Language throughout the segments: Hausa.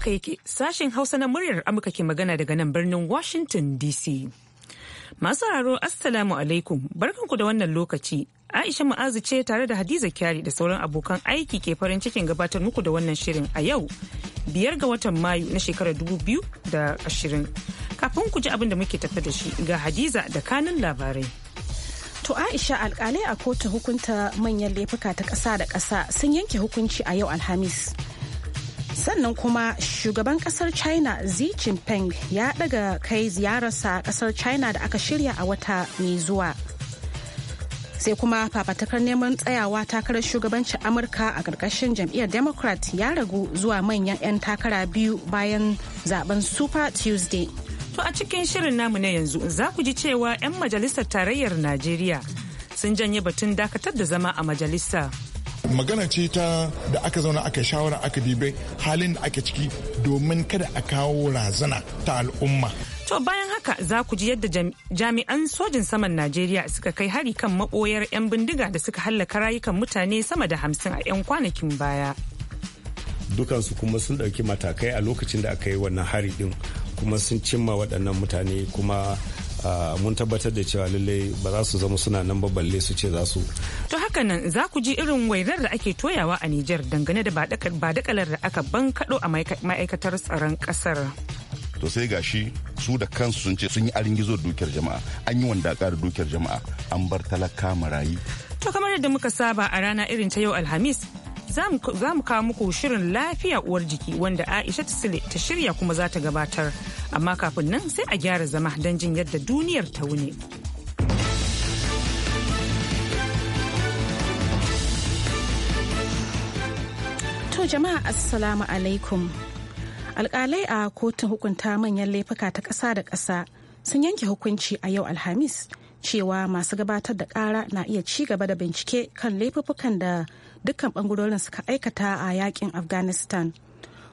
haka yake sashen hausa na muryar amurka ke magana daga nan birnin washington dc masu raro assalamu alaikum barkanku da wannan lokaci aisha ma'azu ce tare da hadiza kyari da sauran abokan aiki ke farin cikin gabatar muku da wannan shirin a yau biyar ga watan mayu na shekarar dubu biyu da ashirin kafin ku ji abin da muke tafi da shi ga hadiza da kanin labarai To Aisha alkalai a kotun hukunta manyan laifuka ta ƙasa da ƙasa sun yanke hukunci a yau Alhamis. sannan kuma shugaban kasar china xi jinping ya daga kai ziyararsa kasar china da aka shirya a wata mai zuwa sai kuma fafatakar neman tsayawa takarar shugabancin amurka a ƙarƙashin jam'iyyar democrat ya ragu zuwa manyan 'yan takara biyu bayan zaben super tuesday to a cikin shirin namu na yanzu za ku ji cewa 'yan majalisar tarayyar najeriya sun janye batun dakatar da zama a majalisa magana ce ta da aka zauna aka shawara aka dibe halin da ake ciki domin kada a kawo razana ta al'umma To bayan haka za ku ji yadda jami'an sojin saman Najeriya suka kai hari kan maboyar 'yan bindiga da suka hallaka rayukan mutane sama da hamsin a 'yan kwanakin baya. Dukansu kuma sun ɗauki matakai a lokacin da aka yi wannan hari din kuma sun cimma waɗannan mutane kuma Ah, mun tabbatar da cewa lallai ba za su zama suna nan balle su ce za su. To haka nan za ku ji irin wairar da ake toyawa a Nijar dangane da ba dakalar da aka bankaɗo a ma'aikatar tsaron ƙasar. to sai gashi su da kansu sun ce sun yi aringizo dukiyar jama'a an yi wanda ƙara dukiyar jama'a an bar talaka marayi to kamar yadda muka saba a rana irin ta yau alhamis za mu kawo muku shirin lafiya uwar jiki wanda aisha ta shirya kuma za ta gabatar amma kafin nan sai a gyara zama don jin yadda duniyar ta wuni. To jama'a assalamu alaikum. Alkalai a kotun hukunta manyan laifuka ta ƙasa da ƙasa sun yanke hukunci a yau Alhamis cewa masu gabatar da ƙara na iya ci gaba da bincike kan laifukan da dukkan bangarorin suka aikata a yakin afghanistan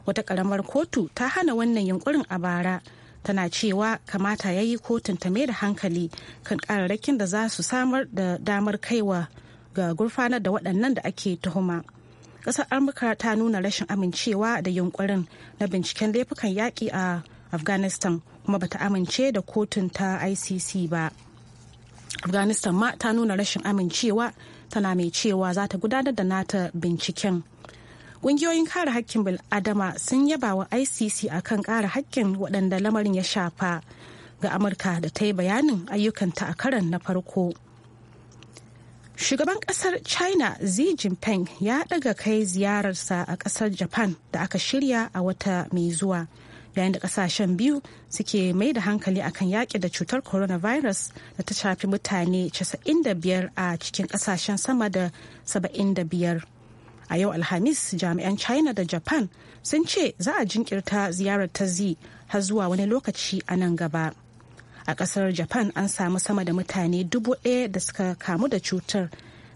wata karamar kotu ta hana wannan yunkurin a bara tana cewa kamata ya yi kotun ta mai da hankali kan kararrakin da za su samar da damar kaiwa ga gurfanar da waɗannan da ake tuhuma ƙasar amurka ta nuna rashin amincewa da yunkurin na binciken laifukan yaƙi a afghanistan kuma bata amince da kotun ta icc ba afghanistan ma ta nuna rashin amincewa tana mai cewa za ta gudanar da nata binciken ƙungiyoyin kare hakkin bil'adama sun yaba wa icc akan ƙara haƙƙin waɗanda lamarin ya shafa ga amurka da ta yi bayanin ayyukanta a karan na farko shugaban ƙasar china xi jinping ya ɗaga kai ziyararsa a ƙasar japan da aka shirya a wata mai zuwa yayin da kasashen biyu suke mai da hankali akan yaƙi da cutar coronavirus da ta shafi mutane 95 a cikin kasashen sama da 75 a yau alhamis jami'an china da japan sun ce za a jinkirta ziyarar ta zi har zuwa wani lokaci a nan gaba a kasar japan an samu sama da mutane dubu ɗaya da suka kamu da cutar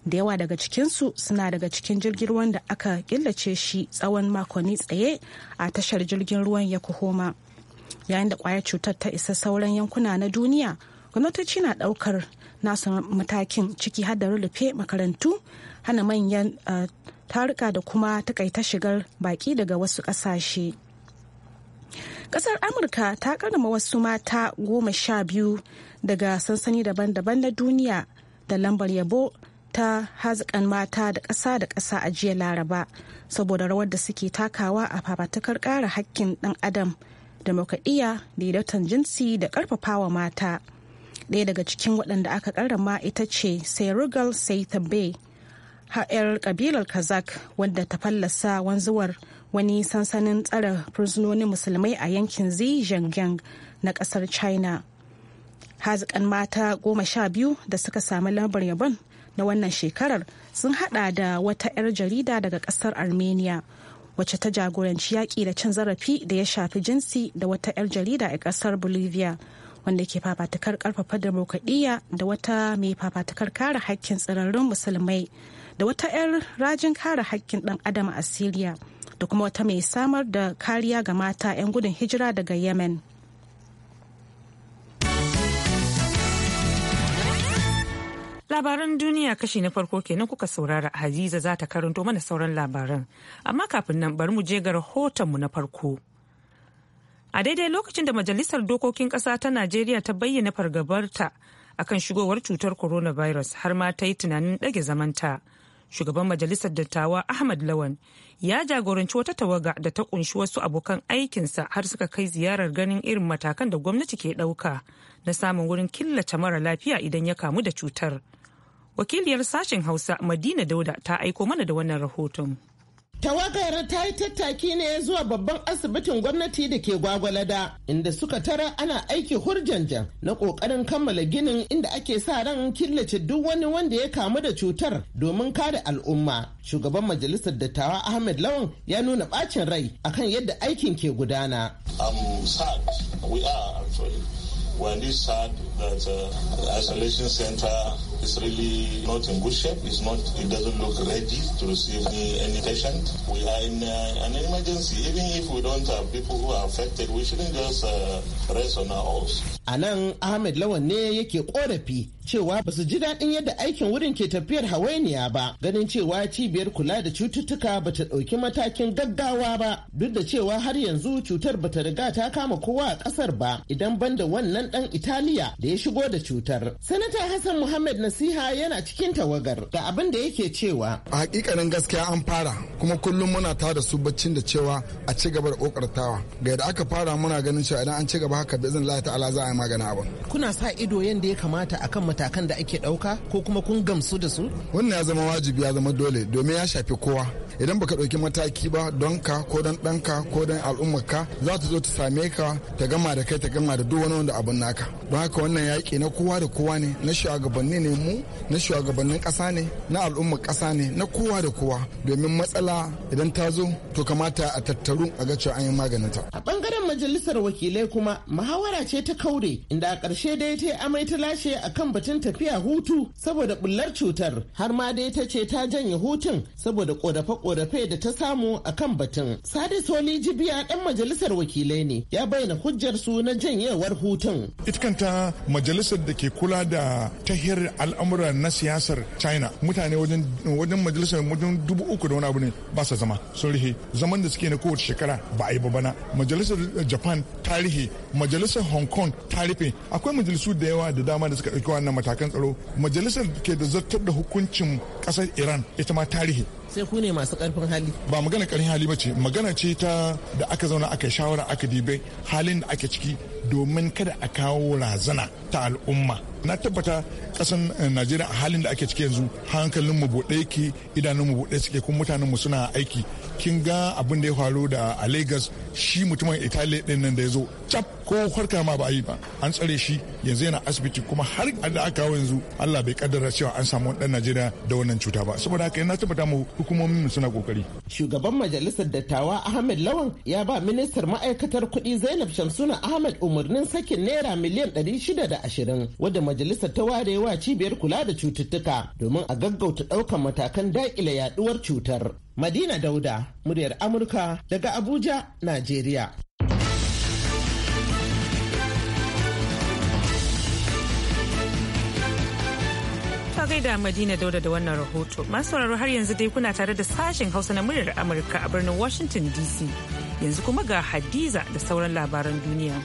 da yawa daga cikinsu suna daga cikin jirgin ruwan da aka killace shi tsawon makonni tsaye a tashar jirgin ruwan yokohama yayin da kwayar cutar ta isa sauran yankuna na duniya gwamnatoci na daukar nasu matakin ciki har da makarantu hana manyan eh, taruka da kuma takaita shigar baki daga wasu kasashe kasar amurka ta karnama wasu mata goma sha biyu daga sansani daban-daban na duniya da lambar yabo ta hazikan mata da ƙasa da ƙasa a jiya laraba saboda rawar da suke takawa a fafatakar ƙara hakkin ɗan adam demokradiyya daidaiton jinsi da ƙarfafawa mata ɗaya daga cikin waɗanda aka ƙarama ita ce sai saitabe har ƙabilar kazak wadda ta fallasa wanzuwar wani sansanin tsara fursunonin musulmai a yankin zhejiang na ƙasar china hazikan mata goma sha biyu da suka sami lambar yabon na wannan shekarar sun hada da wata 'yar jarida daga kasar armenia wacce ta jagoranci yaƙi da cin zarafi da ya shafi jinsi da wata 'yar jarida a kasar bolivia wanda ke fafatakar karfafa demokradiyya da wata mai fafatakar kare hakkin tsirarrun musulmai da wata 'yar rajin kare hakkin ɗan adam a syria da kuma wata mai samar da kariya ga mata 'yan gudun hijira daga yemen Labaran duniya kashi na farko kenan kuka saurara haziza za ta karanto mana sauran labaran. Amma kafin nan bari mu je ga rahotonmu na farko. A daidai lokacin da Majalisar Dokokin Ƙasa ta Najeriya ta bayyana fargabarta a kan shigowar cutar coronavirus har ma ta yi tunanin ɗage zamanta. Shugaban Majalisar Dattawa Ahmad Lawan ya jagoranci wata tawaga da ta kunshi wasu abokan aikinsa har suka kai ziyarar ganin irin matakan da gwamnati ke ɗauka na samun wurin killace mara lafiya idan ya kamu da cutar. wakiliyar sashen hausa madina dauda ta aiko mana da wannan rahoton tawagar ta yi tattaki ne zuwa babban asibitin gwamnati da ke gwagwalada inda suka tara ana aiki hurjanjan na kokarin kammala ginin inda ake sa ran killace duk wani wanda ya kamu da cutar domin kare al'umma shugaban majalisar dattawa ahmed lawan ya nuna bacin rai akan yadda aikin ke gudana When this sad that uh, isolation center is really not in good shape. It's not, it doesn't look ready to receive any, any patient. We are in uh, an emergency. Even if we don't have people who are affected, we shouldn't just uh, rest on our oars. A nan Ahmed Lawan ne yake korafi cewa ba su ji daɗin yadda aikin wurin ke tafiyar hawainiya ba ganin cewa cibiyar kula da cututtuka ba ta ɗauki matakin gaggawa ba duk da cewa har yanzu cutar ba ta riga ta kama kowa a ƙasar ba idan banda wannan ɗan Italiya da ya shigo da cutar. Sanata Hassan Muhammad na nasiha yana cikin tawagar da abin da yake cewa. A hakikanin gaskiya an fara kuma kullum muna ta da su baccin da cewa a ci gaba da kokartawa. Ga da aka fara muna ganin cewa idan an ci gaba haka bizin lahi ta'ala za a yi magana abin. Kuna sa ido yadda ya kamata akan matakan da ake ɗauka ko kuma kun gamsu da su? Wannan ya zama wajibi ya zama dole domin ya shafi kowa. Idan baka ɗauki mataki ba don ka ko don ka ko don al'ummarka za ta zo ta same ka ta gama da kai ta gama da duk wani wanda abin naka. Don haka wannan yaƙi na kowa da kowa ne na shugabanni ne mu na shugabannin ƙasa ne na al'ummar ƙasa ne na kowa da kowa domin matsala idan ta zo to kamata a tattaru a ga cewa an yi maganinta. A bangaren majalisar wakilai kuma muhawara ce ta kaure inda a ƙarshe dai ta yi amai ta lashe a batun tafiya hutu saboda bullar cutar har ma dai ta ce ta janye hutun saboda ƙorafe-ƙorafe da ta samu a kan batun. Sadi Soli Jibiya ɗan majalisar wakilai ne ya bayyana hujjar su na janyewar hutun. Ita kanta majalisar da ke kula da tahir al al'amura na siyasar china mutane wajen majalisar wajen dubu uku da wani abu ne ba sa zama sun rihe zaman da suke na kowace shekara ba a yi bana majalisar japan ta rihe majalisar hong kong ta rufe akwai majalisu da yawa da dama da suka ɗauki wannan matakan tsaro majalisar ke da zartar da hukuncin ƙasar iran ita ma ta rihe sai ku ne masu karfin hali ba magana karfin hali ba ce magana ce ta da aka zauna aka shawara aka dibe halin da ake ciki domin kada a kawo razana ta al'umma na tabbata kasan eh, najeriya a halin da ake ciki yanzu hankalin mu bude yake idanun mu bude suke kuma mutanen mu suna aiki kin ga abin da ya faru da a lagos shi mutumin italiya din nan da ya zo cap ko farka ma ba a yi ba an tsare shi yanzu yana asibiti kuma har da aka kawo yanzu Allah bai kaddara cewa an samu dan Najeriya da wannan cuta ba saboda haka yana tabbata mu hukumomin mu suna kokari shugaban majalisar dattawa Ahmed Lawan ya ba ministar ma'aikatar kuɗi Zainab Shamsuna Ahmed umarnin sakin naira miliyan ɗari shida da ashirin wadda majalisar ta ware warewa cibiyar kula da cututtuka domin a gaggauta ɗaukan matakan dakile yaɗuwar cutar Madina Dauda muryar Amurka daga Abuja Najeriya To gaida Madina Dauda da wannan rahoto. Masu sauraro har yanzu dai kuna tare da sashen Hausa na muryar Amurka a birnin Washington DC. Yanzu kuma ga Hadiza da sauran labaran duniya.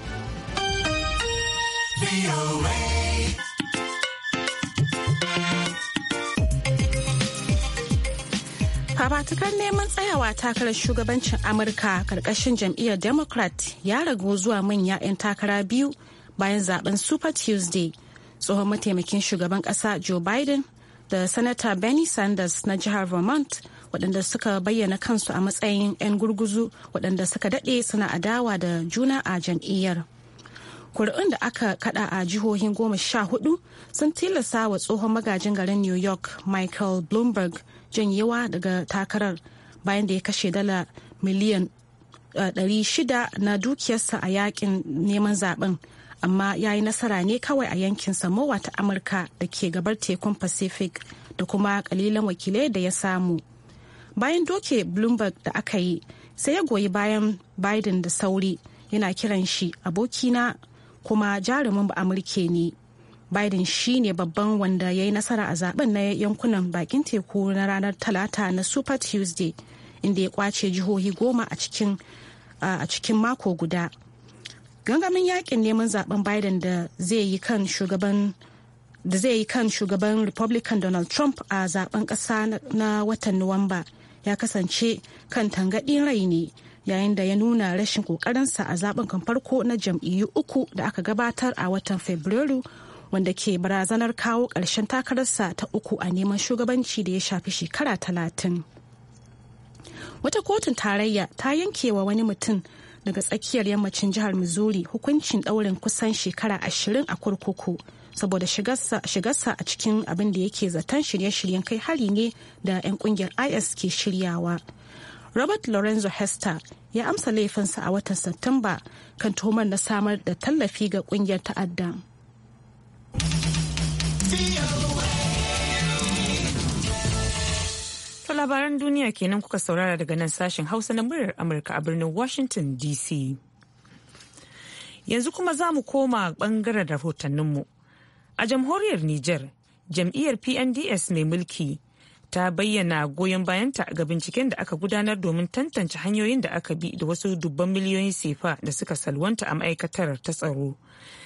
fafatukar neman tsayawa takarar shugabancin amurka karkashin jam'iyyar democrat ya ragu zuwa manya 'yan takara biyu bayan zaben super tuesday tsohon mataimakin shugaban kasa joe biden da sanata bernie sanders na jihar vermont waɗanda suka bayyana kansu a matsayin 'yan gurguzu waɗanda suka daɗe suna adawa da juna a jam'iyyar kuri'un da aka kada a jihohin goma sha hudu sun tilasta wa tsohon magajin garin new york michael bloomberg janyewa daga takarar bayan da ya kashe dala miliyan 600 eh, na dukiyarsa a yakin neman zaben amma ya yi nasara ne kawai a yankin samowa ta amurka da ke gabar tekun pacific da kuma kalilan wakilai da ya samu bayan doke bloomberg da aka yi sai ya goyi bayan biden da sauri yana kiran shi abokina kuma jarumin amurke ne biden shi ne babban wanda ya yi nasara a zaben na yankunan bakin teku na ranar talata na super tuesday inda ya kwace jihohi goma a cikin mako guda gangamin yakin neman zaben biden da zai yi kan shugaban da zai yi kan shugaban republican donald trump a zaben kasa na watan nuwamba ya kasance kan tangaɗin rai ne yayin da ya nuna rashin kokarinsa a zaben kan farko na jam'iyyu uku da aka gabatar a watan fabrairu wanda ke barazanar kawo ƙarshen takararsa ta uku a neman shugabanci da ya shafi shekara talatin wata kotun tarayya ta yankewa wani mutum daga tsakiyar yammacin jihar Missouri hukuncin ɗaurin kusan shekara ashirin a kurkuku saboda shigarsa a cikin abin da yake zaton shirye-shiryen kai hari ne da 'yan kungiyar IS ke shiryawa. Robert Lorenzo Hester ya amsa laifinsa a watan Satumba kan tuhumar na samar da tallafi ga kungiyar ta'adda. labaran duniya kenan kuka saurara daga nan sashen Hausa na muryar Amurka a birnin Washington DC. Yanzu kuma za mu koma bangaren rahotanninmu. A jamhuriyar niger jam'iyyar PNDS mai mulki ta bayyana goyon bayanta ga binciken da aka gudanar domin tantance hanyoyin da aka bi da wasu dubban miliyoyin sefa da suka salwanta a ma'aikatar ta tsaro.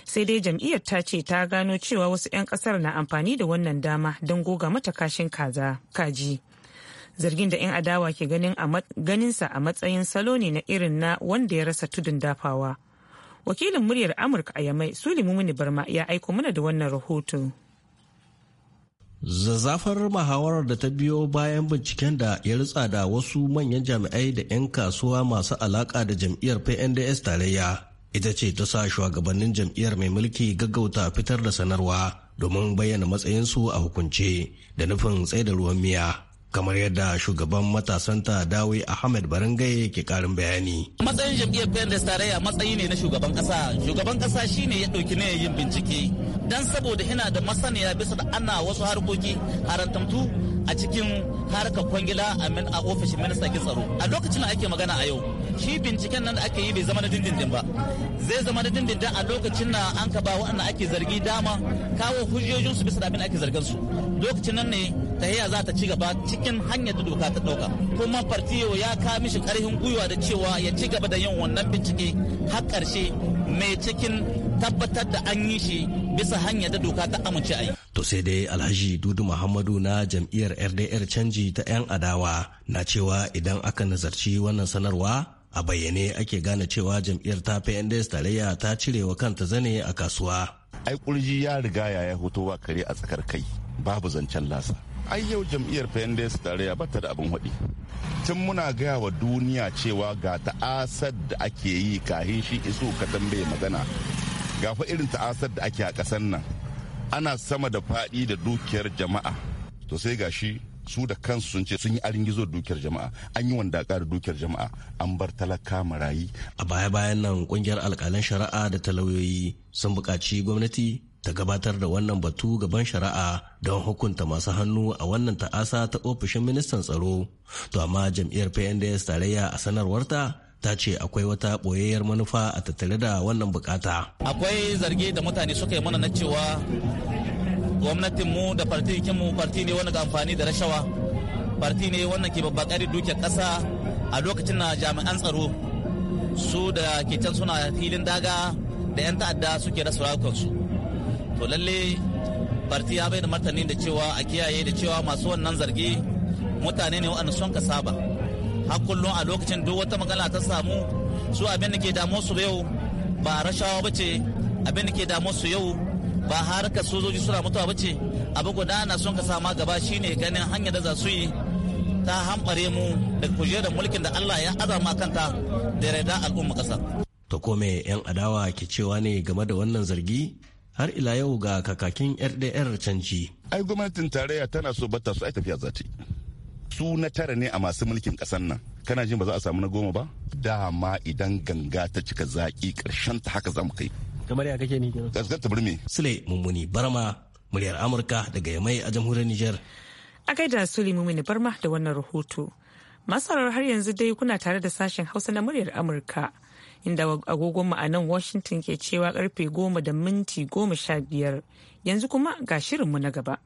Sai dai jam'iyyar ta ce ta gano cewa wasu 'yan kasar na amfani da wannan dama don goga mata kashin kaji. zargin da 'yan adawa ke ganinsa a matsayin salo ne na irin na wanda ya rasa tudun dafawa wakilin muryar amurka a yamai sulimu mini barma ya aiko mana da wannan rahoto zazzafar mahawarar da ta biyo bayan binciken da ya ritsa da wasu manyan jami'ai da 'yan kasuwa masu alaƙa da jam'iyyar pnds tarayya ita ce ta sa shugabannin jam'iyyar mai mulki gaggauta fitar da sanarwa domin bayyana matsayinsu a hukunce da nufin da ruwan miya kamar yadda shugaban matasan matasanta dawe ahmed barangay ke karin bayani matsayin jam'iyyar pendes tarayya matsayi ne na shugaban kasa shugaban kasa shine ya dauki ne yin bincike dan saboda ina da masaniya bisa da ana wasu harkoki harantamtu a cikin harkar kwangila a ofishin ministan tsaro a lokacin da ake magana a yau shi binciken nan da ake yi bai zama na dindindin ba zai zama na dindindin a lokacin da an ka ba wa'anda ake zargi dama kawo hujjojinsu bisa da abin ake zargansu lokacin nan ne tahiya za ta ci gaba cikin hanyar da doka ta dauka kuma partiyo ya ka mishi karfin gwiwa da cewa ya ci gaba da yin wannan bincike har karshe mai cikin tabbatar da an yi shi bisa hanyar da doka ta amince a yi to sai dai alhaji dudu muhammadu na jam'iyyar rdr canji ta 'yan adawa na cewa idan aka nazarci wannan sanarwa a bayyane ake gane cewa jam'iyyar ta pnds tarayya ta cire wa kanta zane a kasuwa ai kurji ya riga ya ya hoto ba kare a tsakar kai babu zancen lasa ai yau jam'iyyar pendes tarayya bata da abin hudi tun muna gaya wa duniya cewa ga ta'asar da ake yi kahin shi iso ka tambaye magana ga fa irin ta'asar da ake a ƙasar nan ana sama da faɗi da dukiyar jama'a to sai ga shi su da kansu sun ce sun yi arin gizo dukiyar jama'a an yi wanda da dukiyar jama'a an bar talaka marayi a baya bayan nan kungiyar alkalan shari'a da talauyoyi sun buƙaci gwamnati ta gabatar da wannan batu gaban shari'a don hukunta masu hannu a wannan ta'asa ta ofishin ministan tsaro to amma jam'iyyar pnds tarayya a sanarwarta ta ce akwai wata ɓoyayyar manufa a tattare da wannan bukata akwai zargi da mutane suka yi mana na cewa gwamnatinmu da partikinmu farfi ne wani ga amfani da rashawa farfi ne wannan ke babbakari dukiyar ƙasa a lokacin na jami'an tsaro su da ke can suna filin daga da 'yan ta'adda suke rasa rayukansu to lalle farti ya bai da martani da cewa a kiyaye da cewa masu wannan zargi mutane ne wa'anda son ka saba har kullum a lokacin duk wata magana ta samu su abin da ke damu su yau ba rashawa ba ce abin da ke damu su yau ba harkar sojoji suna mutuwa ba ce abu guda na son ka sama gaba shine ganin hanyar da za su yi ta hambare mu da kujerar mulkin da Allah ya azama kanta da yarda al'umma kasa To kome 'yan adawa ke cewa ne game da wannan zargi? har ila yau ga kakakin rdr canji ai gwamnatin tarayya tana so bata su ai tafiya zati su na tara ne a masu mulkin kasan nan kana jin ba za a samu na goma ba dama idan ganga ta cika zaki karshen ta haka zamu kai kamar ya kake ni kenan gaskata sule mummuni barma muryar amurka daga yamai a jamhuriyar niger a gaida sule mummuni barma da wannan rahoto masarar har yanzu dai kuna tare da sashen hausa na muryar amurka inda agogonmu a nan Washington ke cewa karfe goma da minti goma sha biyar. Yanzu kuma ga shirinmu na gaba.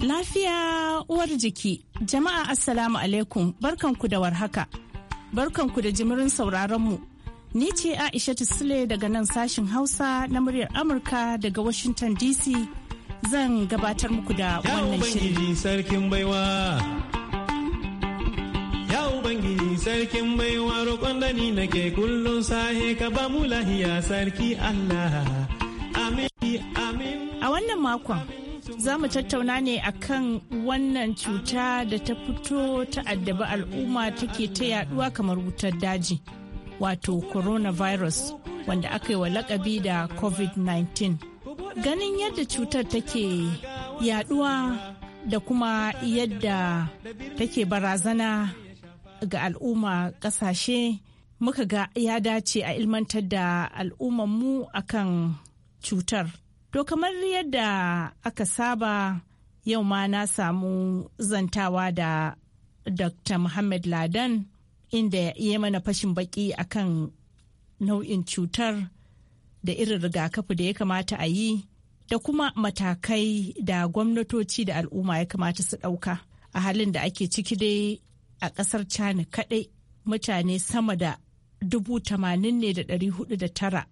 Lafiya uwar jiki, jama'a Assalamu alaikum barkanku da warhaka, barkanku da jimirin sauraronmu. Ni ce Aisha Sule daga nan sashin Hausa na muryar Amurka daga Washington DC. zan gabatar muku da wannan shiri. sarkin baiwa. roƙon da ni nake kullum sahe ka ba mu lahiya sarki Allah. Amin. A wannan makon za mu tattauna ne a kan wannan cuta da ta fito ta addaba al'umma take ta yaduwa kamar wutar daji wato coronavirus wanda aka yi wa lakabi da covid-19 ganin yadda cutar take yaduwa da kuma yadda take barazana ga al'umma kasashe muka ga ya dace a ilmantar da al'ummanmu akan cutar to kamar yadda aka saba yau ma na samu zantawa da dr muhammad ladan inda ya mana fashin baki akan nau'in cutar da irin rigakafi da ya kamata a yi da kuma matakai da gwamnatoci da al'umma ya kamata su ɗauka a halin da ake ciki dai a ƙasar china kaɗai mutane sama da dubu tamanin ne da ɗari hudu da tara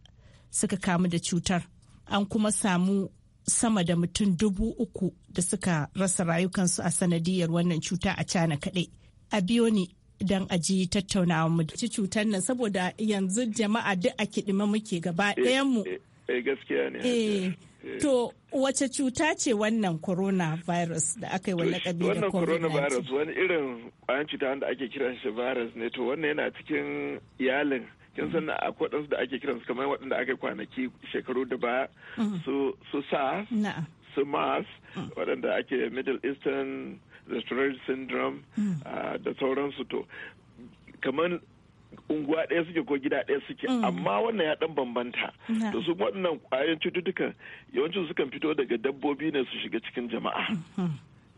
suka kamu da cutar an kuma samu sama da mutum dubu uku da suka rasa rayukansu a sanadiyar wannan cuta a cana kaɗai a biyo ne don a ji tattaunawa mu ci cutar nan saboda yanzu jama'a duk a kiɗima muke gaba eh, ɗayan mu. Eh, eh gaskiya ne. Eh, to wace cuta ce wannan coronavirus da aka yi wa lakabi da Wannan coronavirus wani irin ƙwayan cuta wanda ake kiran shi virus ne to wannan yana cikin iyalin kin san mm-hmm. akwai waɗansu da ake kiransu kamar waɗanda aka kwanaki shekaru da ba mm-hmm. su su SARS su mas. Mm. waɗanda ake Middle Eastern da Tourette syndrome hmm. ah, da sauransu to kamar unguwa ɗaya suke ko gida ɗaya suke hmm. amma wannan ya ɗan bambanta da su waɗannan ƙwayoyin cututtukan yawancin kan fito daga dabbobi ne su shiga cikin jama'a hmm.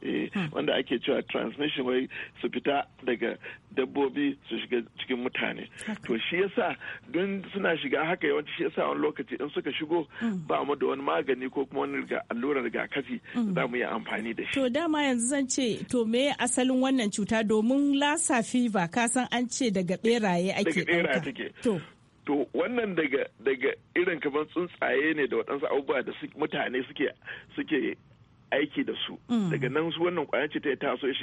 Eh, hmm. wanda ake cewa transmission wai su fita daga dabbobi su shiga cikin mutane to shi yasa don suna shiga haka yawanci shi yasa wani lokaci in suka shigo hmm. ba mu da wani magani ko kuma wani allurar rigakafi hmm. za mu yi amfani da shi to dama yanzu zan ce to me asalin wannan cuta domin lasa fever ka san an ce daga beraye ake ɗauka to wannan daga daga irin kamar tsuntsaye ne da waɗansu abubuwa da mutane suke suke aiki da su mm. daga nan su wannan kwayar cuta ya taso ya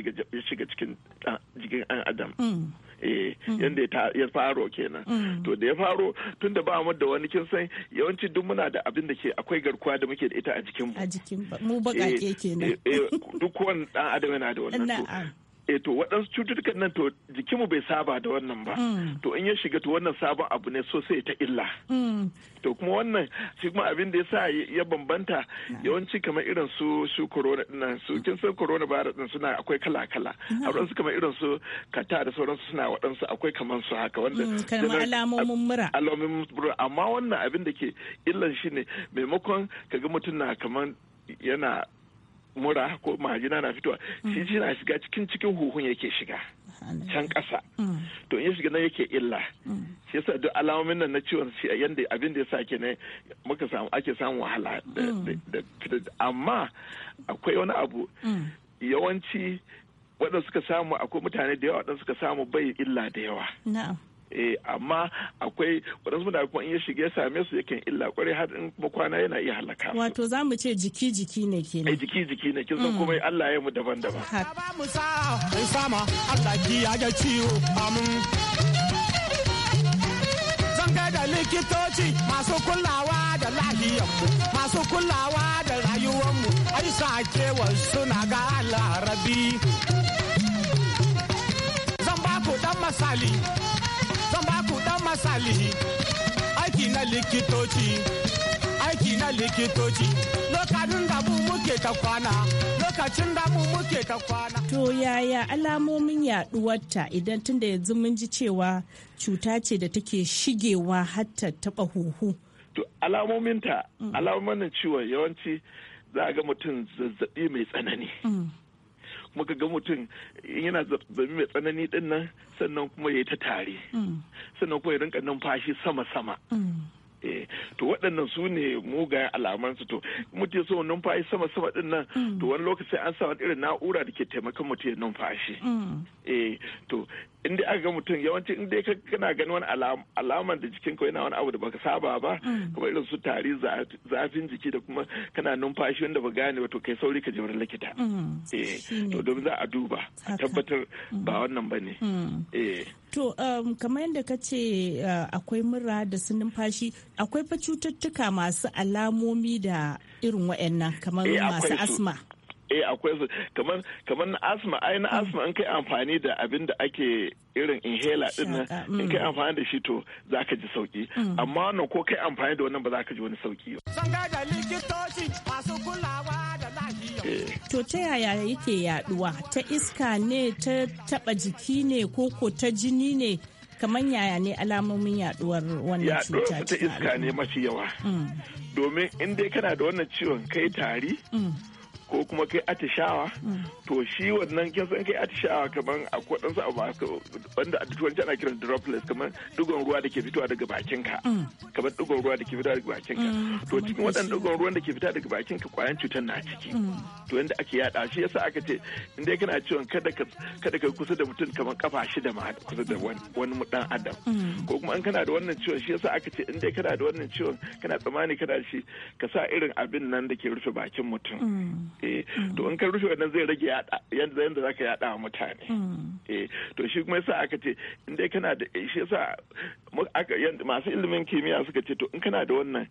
shiga cikin ah, jikin an adam mm. eh, mm. yadda ya faro kenan to da ya faro tun da ba mu da wani kin san yawanci duk muna da abin da ke akwai garkuwa da muke da ita a jikin mu a jikin mu bakake eh, kenan eh, duk wani dan adam yana da wannan eh to waɗansu cututtukan nan to jikinmu bai saba da wannan ba mm. to in ya shiga to wannan sabon abu ne so sai ta illa mm. to kuma wannan shi kuma abin da ya sa ya bambanta mm. yawanci kamar irin su su corona dinnan su kin san corona virus din suna akwai kala kala a wadansu kamar irin su kata da sauransu suna waɗansu akwai kamar su haka wanda kamar alamomin mura alamomin mura amma wannan abin da ke illan shi ne maimakon kaga mutum na kamar yana mura ko majina na fitowa mm. shi shi na shiga cikin cikin huhun yake shiga can kasa mm. to in ya shiga nan yake illa mm. shi yasa duk alamomin nan na ciwon shi yanda abin da yasa ne muka samu ake samun wahala da amma akwai wani abu yawanci waɗanda suka samu akwai mutane da yawa waɗanda suka samu bai illa da yawa eh amma akwai waɗansu mutane kuma in ya shiga ya same su yake illa kwarai har in kuma kwana yana iya halaka wato za mu ce jiki jiki ne ke eh jiki jiki ne kin san mm. kuma Allah ya mu daban-daban ba mu sa sama Allah ki ya ga ciwo amin zan ga da likitoci masu kulawa da lahiyanmu masu kulawa da mu ai sakewar suna ga rabbi zan ba ku dan masali masali aiki na likitoci aiki na likitoci lokacin da mu muke ta kwana lokacin da mu muke ta kwana to yaya alamomin yaduwarta idan tunda yanzu mun ji cewa cuta ce da take shigewa har ta taba huhu to alamominta mm. alamomin ciwon yawanci za a ga mutum zazzabi mai tsanani mm. muka ga mutum yana zazzabi mai tsanani din nan sannan kuma ya yi ta tare mm. sannan kuma ya rinka numfashi sama-sama mm. eh, to waɗannan su ne mugayen alamansu to mutum so numfashi sama sama din nan mm. to wani lokaci an sa irin na'ura da ke taimakon mutum ya numfashi eh, to in dai aka ga mutum yawanci in dai kana ganin wani alaman da jikinka yana wani abu da baka saba ba mm. kamar irin su tari zafin jiki da kuma kana numfashi wanda ba gane ba to kai sauri ka je wurin likita mm. eh, to domin za a duba a tabbatar mm. ba wannan ba ne. Eh. to um, kamar yadda ka ce uh, akwai mura da su numfashi akwai fa cututtuka masu alamomi da irin waɗannan kamar eh, masu asma eh akwai su kamar kamar na asma ai na mm. asma in kai amfani da abin da ake irin inhaler din nan in kai mm. amfani da shi to zaka ji sauki mm. amma wannan ko kai amfani da wannan ba zaka ji wani sauki san ga da likitoci masu kulawa da lafiya eh. to ta yaya yake yaduwa ta iska ne ta taba jiki ne ko ko ta jini ne kamar yaya ne alamomin yaduwar wannan cuta ta iska ne mafi yawa domin in dai kana da wannan ciwon kai tari ko kuma kai atishawa to shi wannan kin san kai atishawa kamar a ɗansu abu wanda a turanci ana kiran droplets kamar dugon ruwa da ke fitowa daga bakinka mm. kamar dugon ruwa da ke fitowa daga bakinka mm. to cikin waɗannan dugon ruwan da ke fita daga bakinka kwayan cutar na ciki mm. to yanda ake yada shi yasa aka ce in dai kana ciwon kada ka kada ka kusa da mutum kamar kafa shida ma kusa da wani dan adam ko kuma in kana da wannan ciwon shi yasa aka ce in dai kana da wannan ciwon kana tsammani kana shi ka sa irin abin nan da ke rufe bakin mutum Eh, mm. to in ka rushe wannan zai rage yadda yadda zaka yada wa mutane mm. eh, to shi kuma yasa aka ce in dai kana da eh, shi yasa masu ilimin kimiyya suka ce to in kana da wannan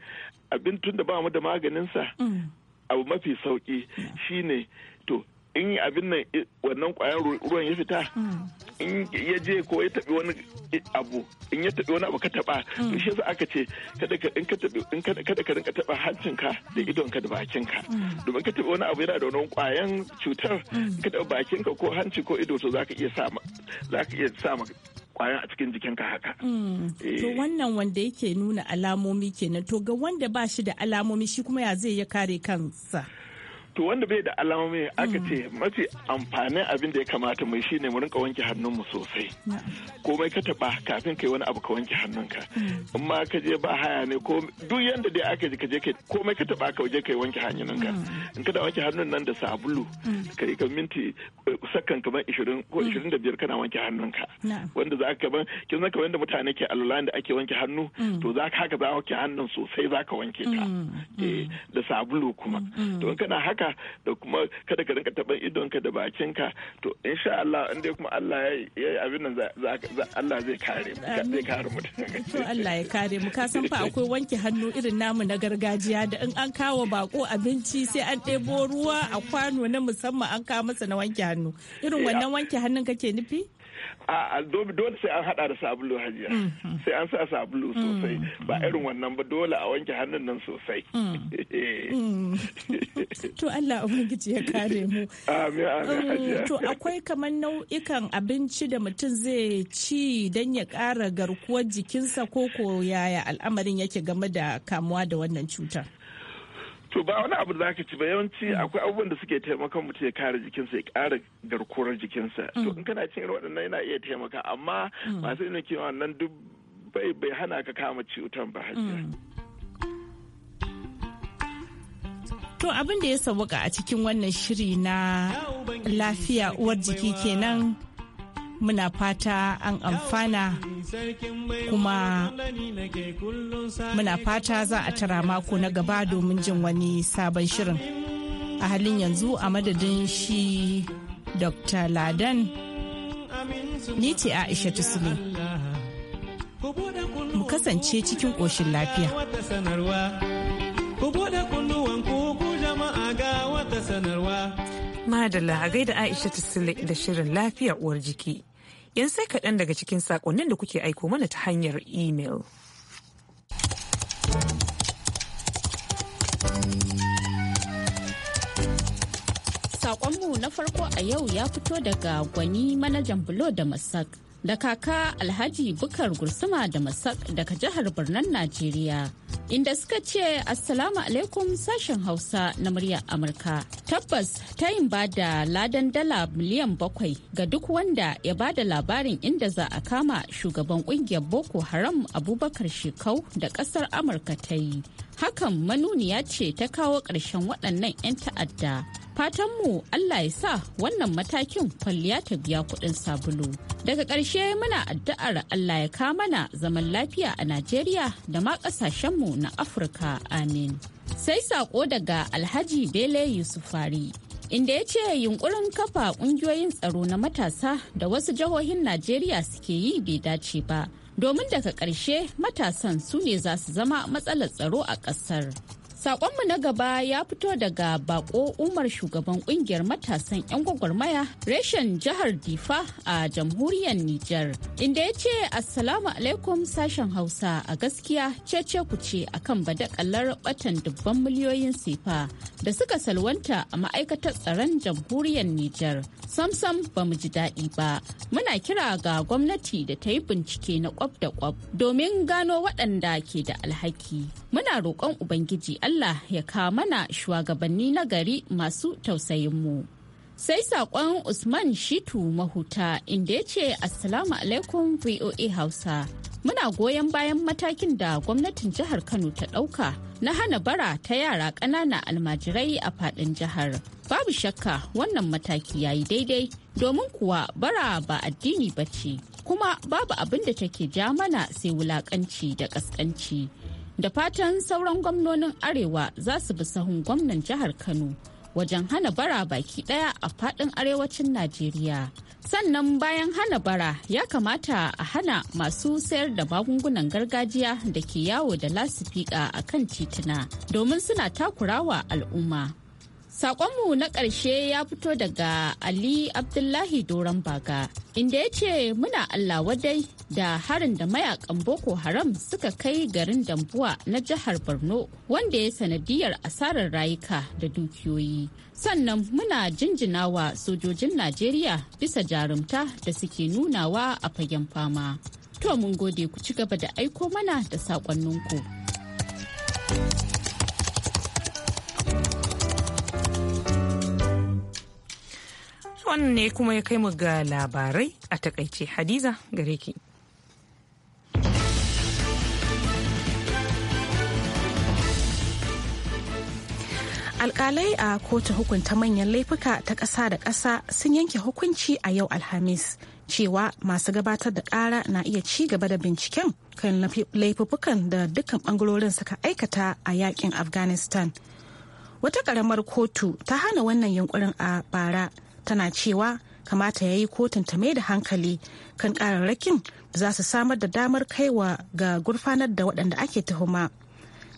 abin tun da ba mu da maganin sa mm. abu mafi sauki shine to in abin nan wannan kwayar ruwan ya fita in ya je ko ya taɓi wani abu in ya taɓi wani abu ka taɓa to shi yasa aka ce kada ka in ka tabi in kada ka rinka taɓa hancinka da idonka da bakinka domin ka taɓi wani abu yana da wani kwayan cutar ka taɓa bakinka ko hanci ko ido to zaka iya sa zaka iya sama kwayan a cikin jikinka haka. Hmm. To eh. wannan wanda yake nuna alamomi kenan to ga wanda ba shi da alamomi shi kuma ya zai ya kare kansa. to wanda bai da alamomi aka mm. ce mafi amfanin abin da ya kamata mai shine mu rinka wanke hannunmu sosai komai ka taba kafin kai wani abu ka wanke hannunka mm. in ma ka je ba haya ne ko duk yanda dai aka ji ka je kai komai ka taba ka je kai wanke hannunka mm. in ka da wanke hannun nan da sabulu kai ka minti eh, sakan kamar 20 ko 25 kana wanke hannunka wanda za ka ban kin san kamar yadda mutane ke alula da ake wanke hannu to za ka haka za ka wanke hannun sosai za ka wanke ta eh, da sabulu kuma to in kana haka ka da kuma kada ka rinka taban idonka da bakinka to insha Allah in dai kuma Allah ya yi abin nan Allah zai kare mu. zai kare mu to Allah ya kare mu ka san fa akwai wanke hannu irin namu na gargajiya da in an kawo bako abinci sai an ɗebo ruwa a kwano na musamman an kawo masa na wanke hannu irin eh, wannan wanke hannun kake nufi a dole sai an hada da sabulu hajiya mm-hmm. sai an sa sabulu sosai mm-hmm. ba irin wannan ba dole a wanke hannun nan sosai mm-hmm. to Allah ubangiji ya kare mu um, to akwai kamar nau'ikan abinci da mutum zai ci don ya kara garkuwar jikinsa ko ko yaya al'amarin yake game da kamuwa da wannan cutar to ba wani abu da zaka ci ba yawanci akwai abubuwan da suke taimakon mutum ya kare jikinsa ya kara garkuwar jikinsa to mm. in kana cin irin waɗannan yana iya taimaka amma mm. masu ina kimiyya nan duk bai bai hana ka kama cutan ba mm. To abin da ya sauka a cikin wannan shiri na lafiya uwar jiki kenan muna fata an amfana kuma muna fata za a tara mako na gaba domin jin wani sabon shirin a halin yanzu a madadin shi dr ladan ni ce aisha tusule mu kasance cikin koshin lafiya ku ku sanarwa Madalla a gaida Aisha ta Tassile da shirin lafiya uwar jiki. Yan sai kaɗan daga cikin saƙonnin da kuke aiko mana ta hanyar email. Saƙonmu na farko a yau ya fito daga gwani manajan bulo da masak da kaka alhaji bukar gursuma da masak daga jihar birnin Najeriya. inda suka ce assalamu alaikum sashen hausa na muryar amurka tabbas ta yin ba da ladan dala miliyan bakwai ga duk wanda ya ba da labarin inda za a kama shugaban kungiyar boko haram abubakar shekau da kasar amurka ta yi hakan manuniya ce ta kawo ƙarshen waɗannan 'yan ta'adda fatanmu allah ya sa wannan matakin kwalliya ta biya kuɗin sabulu daga ƙarshe muna addu'ar allah ya ka mana zaman lafiya a najeriya da ma ƙasashenmu na afirka amin sai saƙo daga alhaji bele yusufari inda ya ce yunkurin kafa ƙungiyoyin tsaro na matasa da wasu jihohin najeriya suke yi bai dace ba domin daga ƙarshe matasan su ne za su zama matsalar tsaro a ƙasar. Sakonmu na gaba ya fito daga bako Umar shugaban kungiyar matasan 'yan gwagwarmaya reshen jihar Difa a jamhuriyar Nijar. Inda ya ce Assalamu alaikum sashen Hausa a gaskiya ce-ce ku ce akan badakalar batan dubban miliyoyin sifa da suka salwanta a ma'aikatar tsaron jamhuriyar Nijar. Samsam ba mu ji daɗi ba. Muna kira ga gwamnati da ta yi bincike na kwab da kwab domin gano waɗanda ke da alhaki. Muna roƙon Ubangiji Allah ya kawo mana shugabanni na gari masu tausayinmu. Sai saƙon Usman Shitu Mahuta inda ya ce Assalamu alaikum VOA Hausa. Muna goyon bayan matakin da gwamnatin jihar Kano ta ɗauka na hana bara ta yara ƙanana almajirai a faɗin jihar. Babu shakka wannan mataki yayi daidai domin kuwa bara ba addini ba ce, kuma babu abin da take ja mana sai wulaƙanci da ƙasƙanci. Da fatan sauran gwamnonin Arewa za su bi sahun gwamnan jihar Kano wajen hana bara baki ɗaya a faɗin arewacin Najeriya. Sannan bayan hana bara ya kamata a hana masu sayar da magungunan gargajiya da ke yawo da lasifika a kan tituna domin suna takurawa al'umma. Sakonmu na ƙarshe ya fito daga Ali Abdullahi Doron Baga, inda ya ce muna Allah wadai da harin da mayakan Boko Haram suka kai garin Dambuwa na jihar Borno wanda ya sanadiyar asarar rayuka da dukiyoyi. Sannan muna jinjinawa sojojin Najeriya bisa jarumta da suke nunawa a fagen fama. To mun gode ku ci gaba da aiko mana da saƙonninku. wannan ne kuma ya kai mu ga labarai a takaice hadiza gare ki alkalai a kotu hukunta manyan laifuka ta ƙasa da ƙasa sun yanke hukunci a yau alhamis cewa masu gabatar da ƙara na iya ci gaba da binciken kan laifukan da dukkan ɓangarorin suka aikata a yakin afghanistan wata ƙaramar kotu ta hana wannan yunkurin a bara tana cewa kamata ya yi kotun ta mai da hankali kan kararrakin da za su samar da damar kaiwa ga gurfanar da waɗanda ake tuhuma.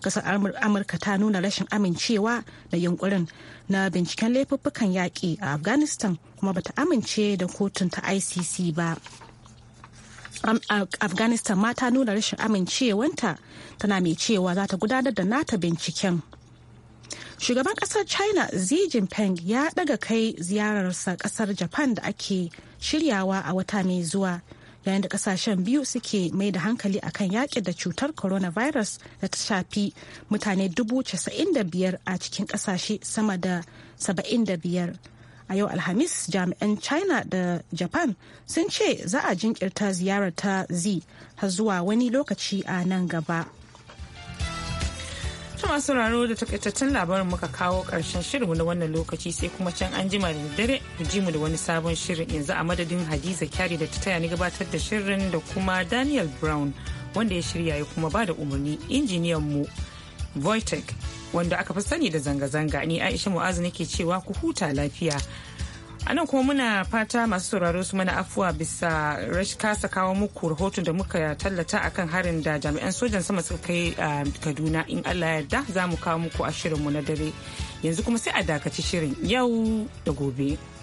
Kasar Amurka ta nuna rashin amincewa da yunkurin na binciken laifuffukan yaƙi a Afghanistan kuma bata amince da kotun ta ICC ba. Afghanistan ma ta nuna rashin amincewanta tana mai cewa za ta gudanar da nata binciken. shugaban kasar china xi jinping ya daga kai ziyararsa kasar japan da ake shiryawa a wata mai zuwa yayin da kasashen biyu suke mai da hankali akan yaƙi da cutar coronavirus da ta shafi mutane 95,000 a cikin kasashe sama da 75 a yau alhamis jami'an china da japan sun ce za a jinkirta ziyarar ta zi har zuwa wani lokaci a nan gaba masu sauraro da takaitaccen labarin muka kawo karshen shirinmu na wannan lokaci sai kuma can an jima da dare ku ji mu da wani sabon shirin yanzu a madadin Hadiza Kyari da ta taya ni gabatar da shirin da kuma Daniel Brown wanda ya shirya ya kuma ba da umarni injiniyan mu Voitech wanda aka fi sani da zanga-zanga ni Aisha Mu'azu nake cewa ku huta lafiya. a nan kuma muna fata masu sauraro su mana afuwa bisa rashi kasa kawo muku rahoton da muka tallata akan harin da jami'an sojan sama suka kai kaduna in allah ya yarda za mu kawo muku a shirinmu na dare yanzu kuma sai a dakaci shirin yau da gobe.